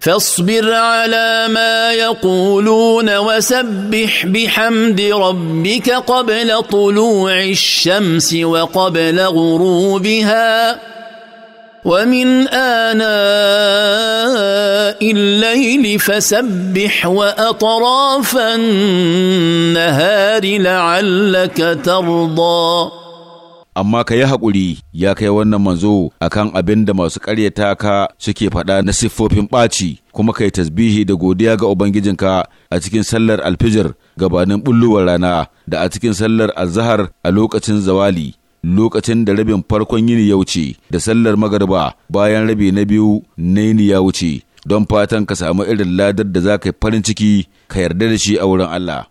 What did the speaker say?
فاصبر على ما يقولون وسبح بحمد ربك قبل طلوع الشمس وقبل غروبها ومن اناء الليل فسبح واطراف النهار لعلك ترضي amma ka yi haƙuri ya kai wannan manzo a kan abin da masu ƙaryata ka suke faɗa na siffofin ɓaci kuma ka yi tasbihi da godiya ga Ubangijinka a cikin sallar alfijir gabanin ɓullowar rana da a cikin sallar azahar a lokacin zawali lokacin da rabin farkon yini ya wuce da sallar magarba bayan rabi na biyu na yini ya wuce don fatan ka samu irin ladar da za ka yi farin ciki ka yarda da shi a wurin Allah.